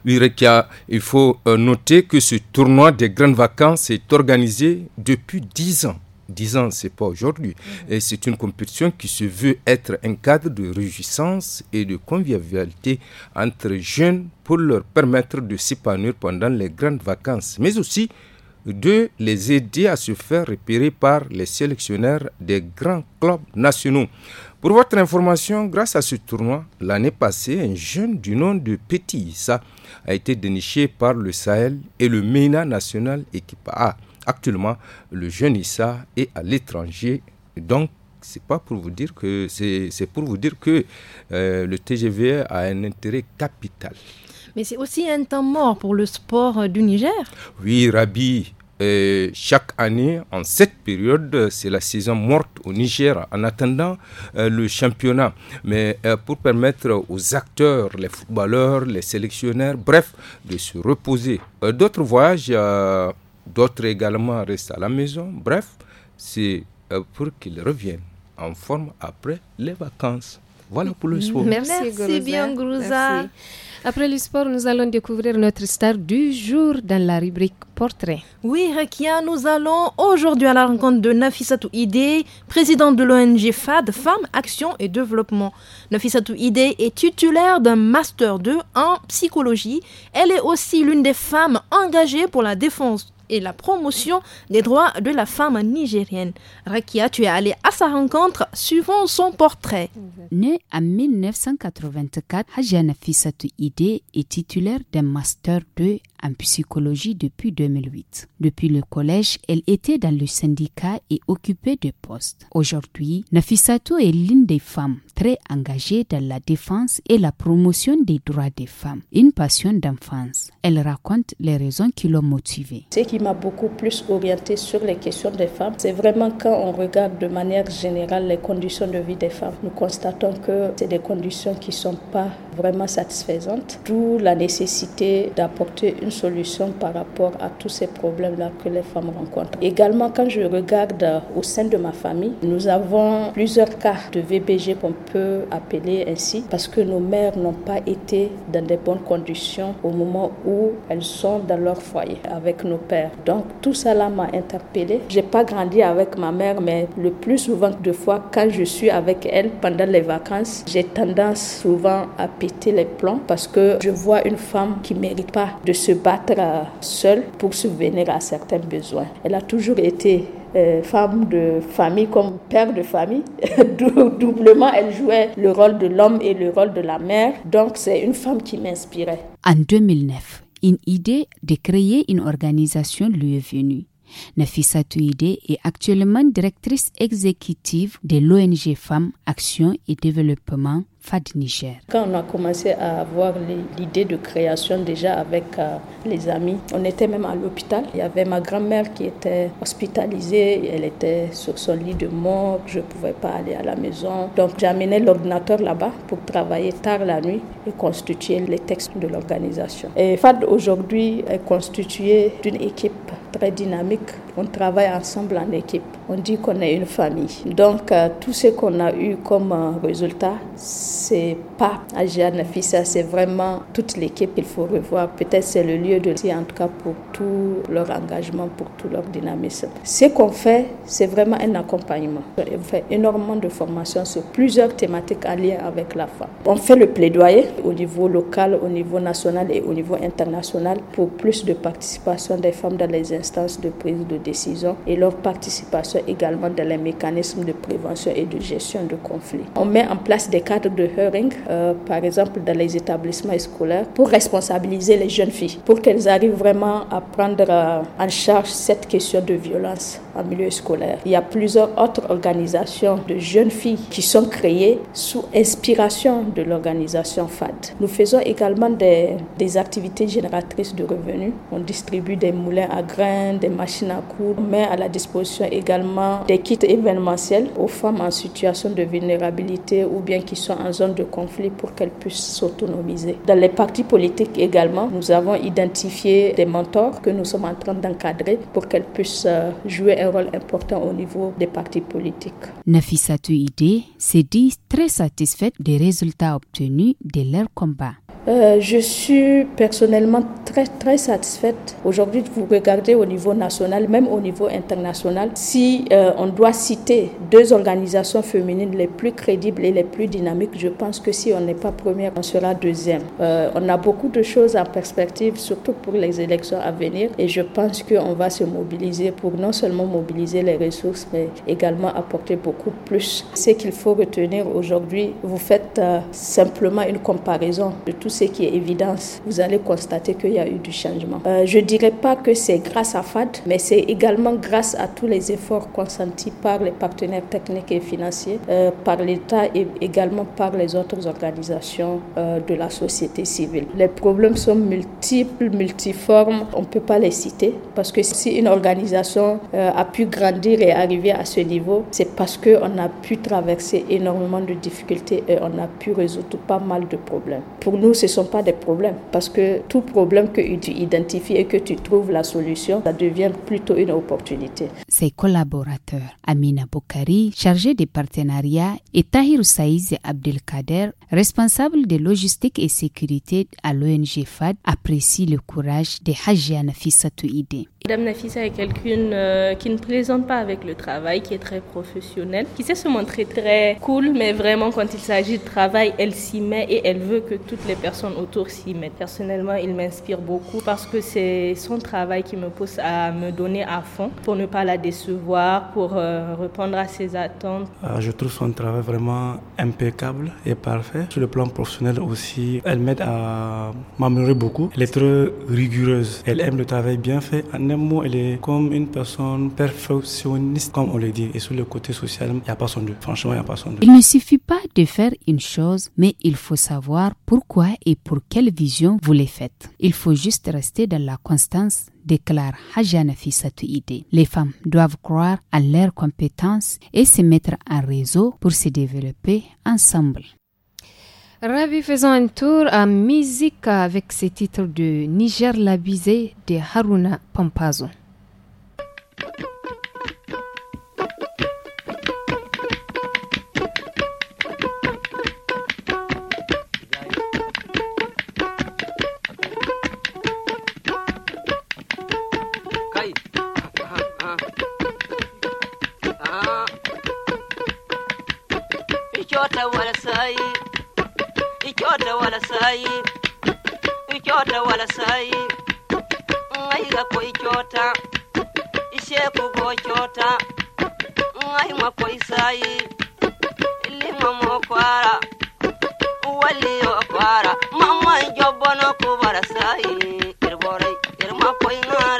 Rekia, il faut euh, noter que ce tournoi des grandes vacances est organisé depuis 10 ans 10 ans, c'est pas aujourd'hui. Mhm. Et c'est une compétition qui se veut être un cadre de réjouissance et de convivialité entre jeunes pour leur permettre de s'épanouir pendant les grandes vacances, mais aussi de les aider à se faire repérer par les sélectionneurs des grands clubs nationaux. Pour votre information, grâce à ce tournoi, l'année passée, un jeune du nom de Petit Issa a été déniché par le Sahel et le MENA National Équipe A actuellement, le jeune Issa est à l'étranger. Donc, c'est pas pour vous dire que c'est pour vous dire que euh, le TGV a un intérêt capital. Mais c'est aussi un temps mort pour le sport du Niger. Oui, Rabi. Euh, chaque année, en cette période, c'est la saison morte au Niger, en attendant euh, le championnat. Mais pour permettre aux acteurs, les footballeurs, les sélectionneurs, bref, de se reposer. D'autres voyages D'autres également restent à la maison. Bref, c'est euh, pour qu'ils reviennent en forme après les vacances. Voilà pour le mm-hmm. sport. Merci, Merci bien, Grouza. Après le sport, nous allons découvrir notre star du jour dans la rubrique Portrait. Oui, Rekia, nous allons aujourd'hui à la rencontre de Nafisatou Ide, présidente de l'ONG FAD, Femmes, Action et Développement. Nafisatou Ide est titulaire d'un Master 2 en psychologie. Elle est aussi l'une des femmes engagées pour la défense et la promotion des droits de la femme nigérienne. Rakia, tu es allée à sa rencontre suivant son portrait. Né en 1984, Hajia Fissatou Ide est titulaire d'un master 2 en psychologie depuis 2008. Depuis le collège, elle était dans le syndicat et occupait des postes. Aujourd'hui, Nafisato est l'une des femmes très engagées dans la défense et la promotion des droits des femmes, une passion d'enfance. Elle raconte les raisons qui l'ont motivée. Ce qui m'a beaucoup plus orientée sur les questions des femmes, c'est vraiment quand on regarde de manière générale les conditions de vie des femmes. Nous constatons que c'est des conditions qui ne sont pas vraiment satisfaisantes, d'où la nécessité d'apporter une solution par rapport à tous ces problèmes-là que les femmes rencontrent. Également, quand je regarde euh, au sein de ma famille, nous avons plusieurs cas de VBG qu'on peut appeler ainsi parce que nos mères n'ont pas été dans des bonnes conditions au moment où elles sont dans leur foyer avec nos pères. Donc tout cela m'a interpellée. J'ai pas grandi avec ma mère, mais le plus souvent de fois quand je suis avec elle pendant les vacances, j'ai tendance souvent à péter les plombs parce que je vois une femme qui mérite pas de se battre seule pour subvenir à certains besoins. Elle a toujours été euh, femme de famille comme père de famille. Doublement, elle jouait le rôle de l'homme et le rôle de la mère. Donc, c'est une femme qui m'inspirait. En 2009, une idée de créer une organisation lui est venue. Nafisa Touide est actuellement directrice exécutive de l'ONG Femmes, Action et Développement Fad Niger. Quand on a commencé à avoir l'idée de création déjà avec euh, les amis, on était même à l'hôpital. Il y avait ma grand-mère qui était hospitalisée, elle était sur son lit de mort, je ne pouvais pas aller à la maison. Donc j'amenais l'ordinateur là-bas pour travailler tard la nuit et constituer les textes de l'organisation. Et FAD aujourd'hui est constitué d'une équipe très dynamique. On travaille ensemble en équipe. On dit qu'on est une famille. Donc, euh, tout ce qu'on a eu comme euh, résultat, c'est pas à Nafissa, c'est vraiment toute l'équipe qu'il faut revoir. Peut-être c'est le lieu de en tout cas pour tout leur engagement, pour tout leur dynamisme. Ce qu'on fait, c'est vraiment un accompagnement. On fait énormément de formations sur plusieurs thématiques en lien avec la femme. On fait le plaidoyer au niveau local, au niveau national et au niveau international pour plus de participation des femmes dans les instances de prise de décision et leur participation également dans les mécanismes de prévention et de gestion de conflits. On met en place des cadres de hearing, euh, par exemple dans les établissements scolaires, pour responsabiliser les jeunes filles, pour qu'elles arrivent vraiment à prendre euh, en charge cette question de violence en milieu scolaire. Il y a plusieurs autres organisations de jeunes filles qui sont créées sous inspiration de l'organisation FAD. Nous faisons également des, des activités génératrices de revenus. On distribue des moulins à grains des machines à coudre, mais à la disposition également des kits événementiels aux femmes en situation de vulnérabilité ou bien qui sont en zone de conflit pour qu'elles puissent s'autonomiser. Dans les partis politiques également, nous avons identifié des mentors que nous sommes en train d'encadrer pour qu'elles puissent euh, jouer un rôle important au niveau des partis politiques. Nafisatu Ide s'est dit très satisfaite des résultats obtenus de leur combat. Euh, je suis personnellement très très satisfaite. Aujourd'hui, de vous regarder au niveau national, même au niveau international, si euh, on doit citer deux organisations féminines les plus crédibles et les plus dynamiques, je pense que si on n'est pas première, on sera deuxième. Euh, on a beaucoup de choses en perspective, surtout pour les élections à venir, et je pense qu'on va se mobiliser pour non seulement mobiliser les ressources, mais également apporter beaucoup plus. Ce qu'il faut retenir aujourd'hui, vous faites simplement une comparaison de tout ce qui est évidence, vous allez constater qu'il y a eu du changement. Euh, je ne dirais pas que c'est grâce à FAD, mais c'est également grâce à tous les efforts consentis par les partenaires techniques et financiers, euh, par l'État et également par les autres organisations euh, de la société civile. Les problèmes sont multiples, multiformes. On ne peut pas les citer parce que si une organisation a pu grandir et arriver à ce niveau, c'est parce qu'on a pu traverser énormément de difficultés et on a pu résoudre pas mal de problèmes. Pour nous, ce ne sont pas des problèmes. Parce que tout problème que tu identifies et que tu trouves la solution, ça devient plutôt une opportunité. Ses collaborateurs, Amina Boukari, chargée des partenariats, et Tahir Saïz Abdelkader, responsable de logistique et sécurité à l'ONG FAD, apprécient le courage de Hajia Nafissa Touide. Madame Nafissa est quelqu'une euh, qui ne plaisante pas avec le travail, qui est très professionnelle, qui sait se montrer très cool, mais vraiment quand il s'agit de travail, elle s'y met et elle veut que toutes les personnes autour si mais Personnellement, il m'inspire beaucoup parce que c'est son travail qui me pousse à me donner à fond pour ne pas la décevoir, pour euh, répondre à ses attentes. Ah, je trouve son travail vraiment impeccable et parfait. Sur le plan professionnel aussi, elle m'aide à m'améliorer beaucoup. Elle est très rigoureuse. Elle aime le travail bien fait. En un mot, elle est comme une personne perfectionniste, comme on le dit. Et sur le côté social, il n'y a pas son doute. Franchement, il n'y a pas son Il ne suffit pas de faire une chose, mais il faut savoir pourquoi et pour quelle vision vous les faites. Il faut juste rester dans la constance déclare cette Ide. Les femmes doivent croire à leurs compétences et se mettre en réseau pour se développer ensemble. Ravi, faisons un tour à musique avec ce titre de Niger l'abusé de Haruna Pampazo. sai ikyota wala sai ikyota wala sai ngaiga ko ikyota isheku go kyota ngai ma ko sai lima mo kwara wali o kwara mama jobono ko bara sai irborai irma ko ngara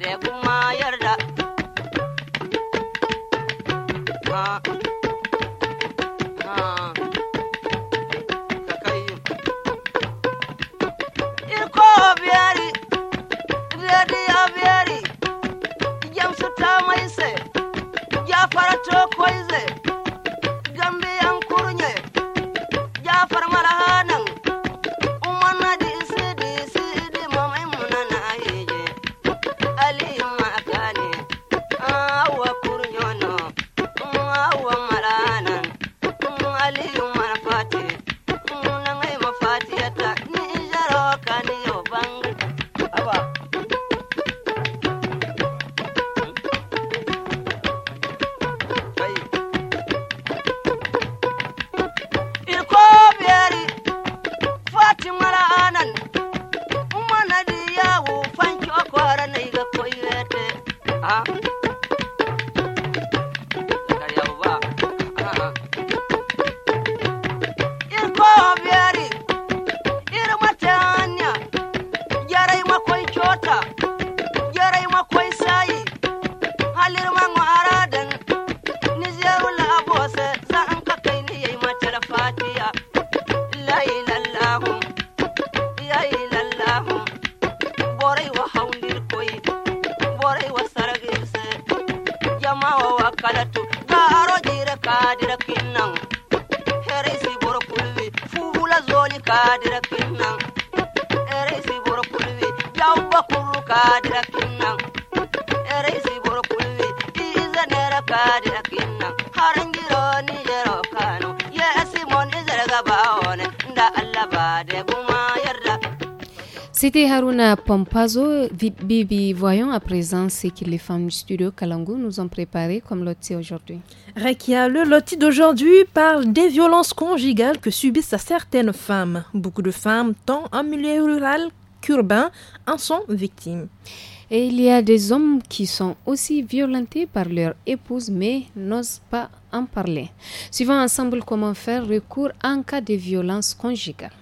Yeah. C'était Haruna Pompazo. Bibi, voyons à présent ce que les femmes du studio Kalangu nous ont préparé comme loti aujourd'hui. Rekia, le loti d'aujourd'hui parle des violences conjugales que subissent certaines femmes. Beaucoup de femmes, tant en milieu rural qu'urbain, en sont victimes. Et il y a des hommes qui sont aussi violentés par leur épouse mais n'osent pas en parler. Suivant ensemble comment faire recours en cas de violence conjugale.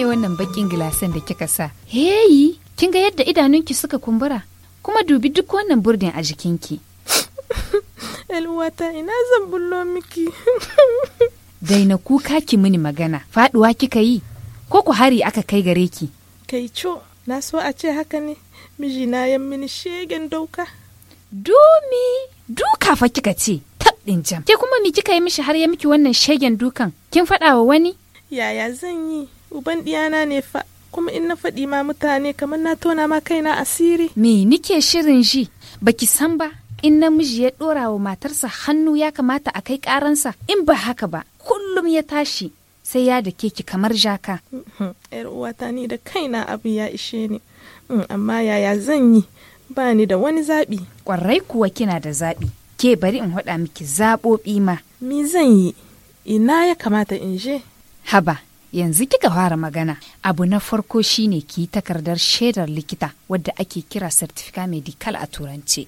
ne wannan bakin gilasan da kika sa heyi kin ga yadda idanunki suka kumbura kuma dubi duk wannan burdin a jikinki Elwata ina zan bullo miki daina kuka ki mini magana faduwa kika yi ko ku hari aka kai gare ki kai co na so a ce haka ne mijina ya mini shegen dauka dumi duka fa kika ce tabɗin jam ke kuma mi kika yi mishi har ya miki wannan shegen dukan kin faɗa wa wani yaya zan yi uban ɗiyana ne fa kuma in na faɗi ma mutane kamar na tona ma kaina asiri. Me nike shirin ji baki san ba in namiji ya ɗora wa matarsa hannu ya kamata a kai ƙaransa in ba haka ba kullum ya tashi sai ya da keki kamar jaka. Uhm, yar uwata ni da kaina abu ya ishe ni uhm, amma yaya zan yi ba ni da wani zaɓi. Ƙwarai kuwa kina da zaɓi ke bari in haɗa miki zaɓoɓi ma. Me zan yi ina ya kamata in je? Haba yanzu kika fara magana abu na farko shine ki takardar shaidar likita wadda ake kira certificate medical a turance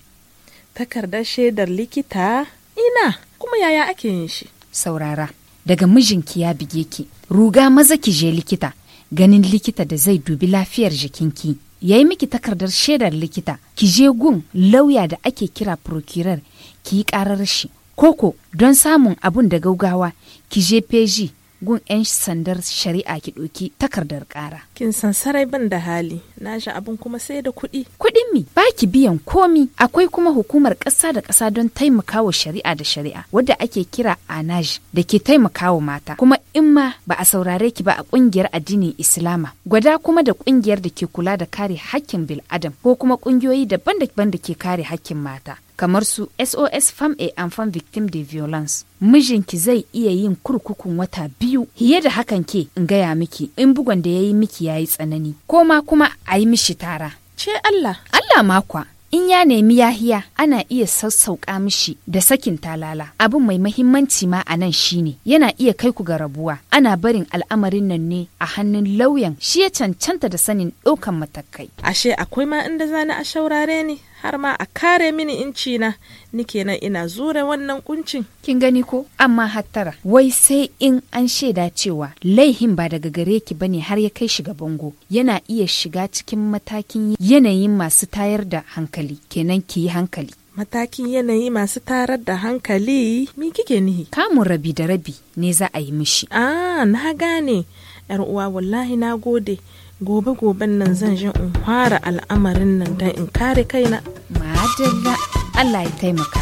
takardar shaidar likita ina kuma yaya ake yin shi saurara daga mijinki ya bige ki ruga maza ki je likita ganin likita da zai dubi lafiyar jikinki ya yi miki takardar shaidar likita ki je gun lauya da ake kira procurer ki yi shi koko don samun abun da gaugawa ki je peji gun 'yan sandar shari'a ki ɗoki takardar ƙara. Kin san sarai ban da hali, na sha abin kuma sai da kuɗi. Kuɗin mi, ba ki biyan komi, akwai kuma hukumar ƙasa da ƙasa don taimakawa shari'a da shari'a, wadda ake kira ANAJ da ke taimakawa mata, kuma in ma ba a saurare ki ba a ƙungiyar addinin Islama, gwada kuma da ƙungiyar da ke kula da kare hakkin bil'adam ko kuma ƙungiyoyi daban-daban da ke kare hakkin mata. kamar su SOS Fam A and Fam Victim de Violence. Mijinki zai iya yin kurkukun wata biyu, hiye da hakan ke in gaya miki in bugon da ya yi miki ya yi tsanani, ko ma kuma a yi mishi tara. Ce Allah. Allah makwa. In ya nemi yahiya ana iya sassauƙa mishi da sakin talala. Abin mai mahimmanci ma a nan shine yana iya kai ku ga rabuwa. Ana barin al'amarin nan ne a hannun lauyan shi ya cancanta da sanin ɗaukan matakai. Ashe akwai ma inda zani a shaurare ne? har ma a kare mini inci na nike nan ina zure wannan kuncin kin gani ko amma hattara wai sai in an shaida cewa laihin ba daga gare ki bane har ya kai shiga bango yana iya shiga cikin matakin yanayin masu tayar da hankali kenan ki yi hankali matakin yanayi masu tarar da hankali mi kike nihi kamun rabi da rabi ne za a yi mishi ah na gane yar uwa wallahi na gode gobe goben nan zan je in fara al'amarin nan don in kare kaina madalla Allah ya taimaka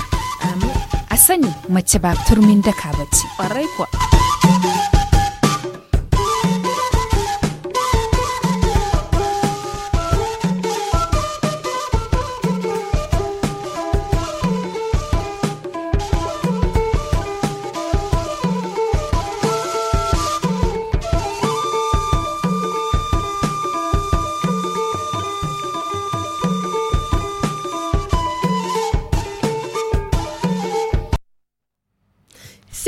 amin a sani mace ba turmin daka ce. kwarai kuwa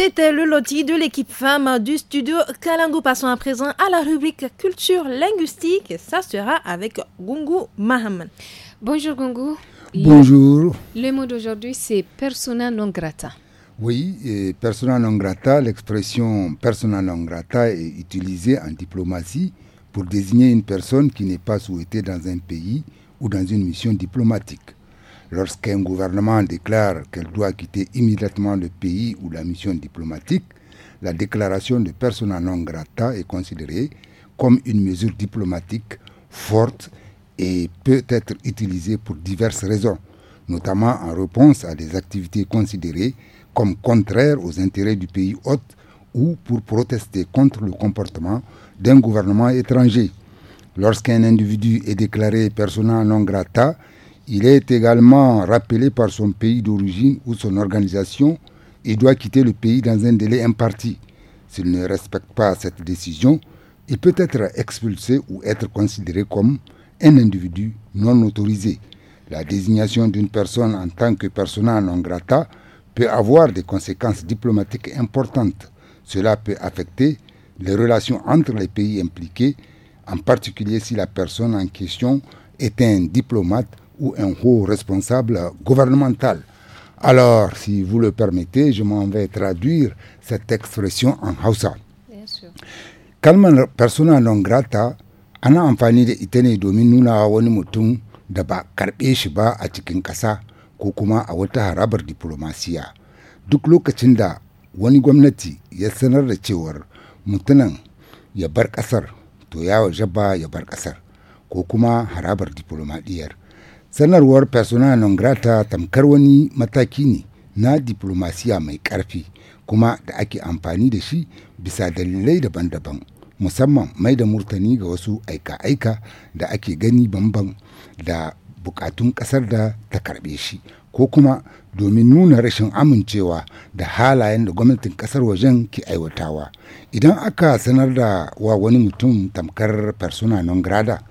C'était le loti de l'équipe femme du studio Kalango. Passons à présent à la rubrique culture linguistique. Ça sera avec Gungu Maham. Bonjour Gungu. Bonjour. Le, mot d'aujourd'hui c'est persona non grata. Oui, persona non grata, l'expression persona non grata est utilisée en diplomatie pour désigner une personne qui n'est pas souhaitée dans un pays ou dans une mission diplomatique. Lorsqu'un gouvernement déclare qu'elle doit quitter immédiatement le pays ou la mission diplomatique, la déclaration de persona non grata est considérée comme une mesure diplomatique forte et peut être utilisée pour diverses raisons, notamment en réponse à des activités considérées comme contraires aux intérêts du pays hôte ou pour protester contre le comportement d'un gouvernement étranger. Lorsqu'un individu est déclaré persona non grata, il est également rappelé par son pays d'origine ou son organisation et doit quitter le pays dans un délai imparti. S'il ne respecte pas cette décision, il peut être expulsé ou être considéré comme un individu non autorisé. La désignation d'une personne en tant que persona non grata peut avoir des conséquences diplomatiques importantes. Cela peut affecter les relations entre les pays impliqués, en particulier si la personne en question est un diplomate ou un haut responsable gouvernemental. Alors, si vous le permettez, je m'en vais traduire cette expression en Hausa. Kalman persona non grata ana amfani da ita ne domin nuna wani mutum da ba karɓe shi ba a cikin ƙasa ko kuma a wata harabar diplomasiya. Duk lokacin da wani gwamnati ya sanar da cewar mutumin ya bar ƙasar to ya wajaba ya bar ƙasar ko kuma harabar diplomadiyar. sanarwar persona non grata tamkar wani mataki ne na diplomasiya mai ƙarfi kuma da ake amfani da shi bisa dalilai daban-daban musamman mai da murtani ga wasu aika-aika da ake gani bamban da bukatun ƙasar da ta karbe shi ko kuma domin nuna rashin amincewa da halayen da gwamnatin kasar wajen ke aiwatawa idan aka sanar da wa wani mutum tamkar persona non grada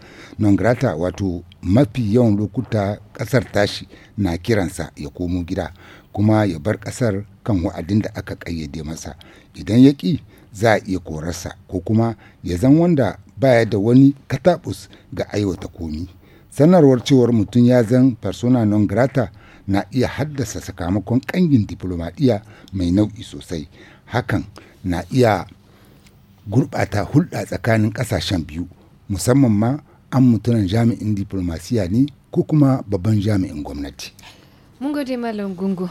non grata wato mafi yawan lokuta ƙasar tashi na kiransa ya komo gida kuma ya bar ƙasar kan wa'adin da aka kayyade masa idan ya ƙi za a iya korarsa ko kuma ya zan wanda baya da wani katabus ga aiwata komi sanarwar cewar mutum ya zan persona non grata na iya haddasa sakamakon ƙangin diplomadiyya mai nau'i sosai hakan na iya gurɓata hulɗa tsakanin ƙasashen biyu musamman ma an mutunan jami'in diplomasiya ne ko kuma babban jami'in gwamnati. Mun gode Malam Gungu.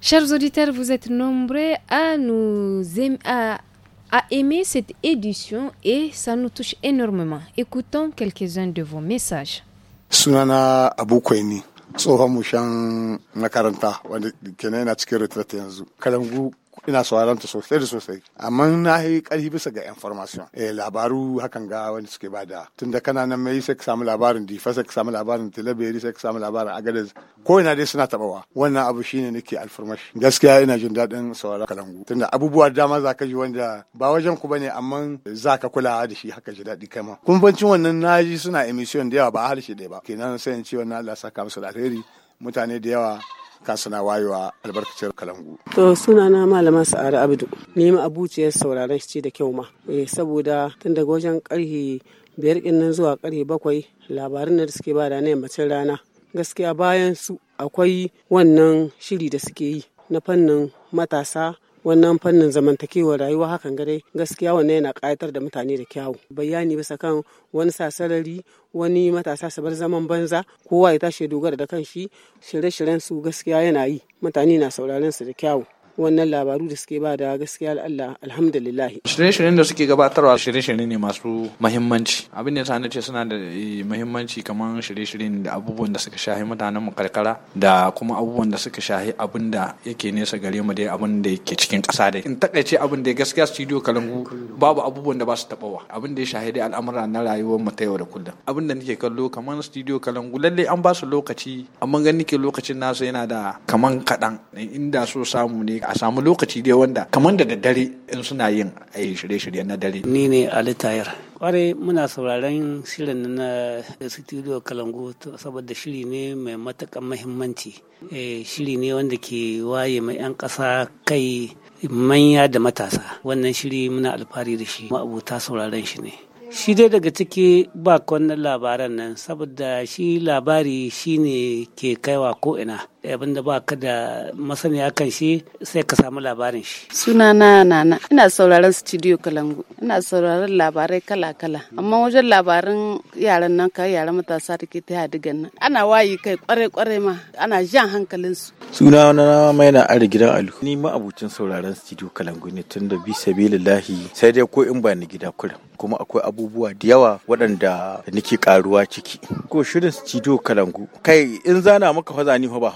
Chers auditeurs, vous êtes nombreux à nous aimer, à, cette édition et ça nous touche énormément. Écoutons quelques-uns de vos messages. Sunana Aboukweni, tsohon mushan makaranta wanda kenan yana cikin retreat yanzu. Kalangu ina sauraron ta sosai da sosai amma na yi karfi bisa ga information eh labaru hakan ga wani suke bada tun da kana nan mai sai ka samu labarin difa sai ka samu labarin tilaberi sai ka samu labarin agadez ko ina dai suna tabawa wannan abu shine nake alfarmashi gaskiya ina jin daɗin sauraron kalangu tunda abubuwa dama za ka ji wanda ba wajen ku bane amma za ka kula da shi haka ji daɗi kai ma kuma bancin wannan naji suna emission da yawa ba harshe ɗaya ba kenan sai in ce wannan Allah saka musu alheri mutane da yawa kansana wayewa albarkacin kalangu. To suna na malama sa'ara abdu ni ma abuciyar sauraron shi da kyau ma eh, saboda tun daga wajen karhe biyar nan zuwa karhe bakwai labarin da suke ba da na yammacin rana gaskiya bayan su akwai wannan shiri da suke yi na fannin matasa wannan fannin zamantakewa rayuwa hakan ga gaskiya wannan yana ƙayatar da mutane da kyawu bayani bisa kan wani sasarari wani matasa su bar zaman banza kowa ya tashi dogara da kan shi shirye-shiryen su gaskiya yana yi mutane na sauraron su da kyawu wannan labaru da suke ba da gaskiya Allah alhamdulillah shirye-shiryen da suke gabatarwa shirye-shirye ne masu Muhimmanci abin da sanar ce suna da eh, muhimmanci kamar shirye-shiryen da abubuwan da suka shahi mutanen mu karkara da kuma abubuwan da suka shahi abin da yake nesa gare mu dai abin da yake cikin ƙasa dai in takaice abin da gaskiya studio kalangu babu abubuwan da ba su tabawa abin da ya shahi dai al'amura na rayuwar mu ta yau da kullum abin da nake kallo kamar studio kalangu lalle an ba su lokaci amma ganin ke lokacin nasu yana da kaman kaɗan inda so samu ne a samu lokaci dai wanda kamar da daddare in suna yin a eh, shirye-shirye na dare. Ni ne Ali Tayar. Kwarai muna sauraron shirin na studio Kalangu saboda shiri ne mai matakan mahimmanci. Eh, shiri ne wanda ke waye mai 'yan ƙasa kai manya da matasa. Wannan shiri muna alfahari da shi ma'abuta sauraron shi ne. shi dai daga ciki ba kwanan labaran nan saboda shi labari shi ne ke kaiwa ko'ina abinda da ba ka da masaniya kan shi sai ka samu labarin shi. Sunana nana ina sauraron studio Kalangu ina sauraron labarai kala-kala amma wajen labarin yaran nan ka yaran matasa da ke ta digan nan ana wayi kai kware-kware ma ana jan hankalin su. Sunana mai na ari gidan alu ni ma abucin sauraron studio Kalangu ne tun da bi sabilillahi sai dai ko in ba ni gida kuram kuma akwai abubuwa da yawa waɗanda nake karuwa ciki. Ko shirin studio Kalangu kai in zana maka fa zani fa ba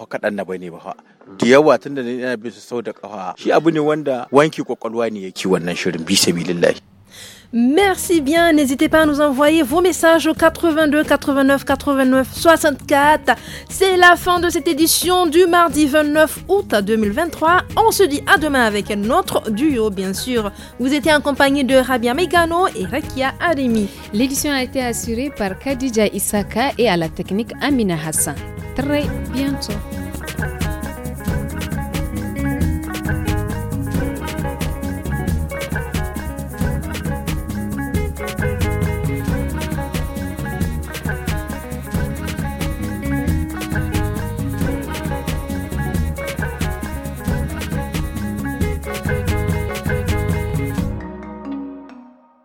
Merci bien, n'hésitez pas à nous envoyer vos messages au 82 89 89 64. C'est la fin de cette édition du mardi 29 août 2023. On se dit à demain avec notre duo, bien sûr. Vous étiez en compagnie de Rabia Megano et Rekia Arimi. L'édition a été assurée par Kadija Isaka et à la technique Amina Hassan. Très bientôt.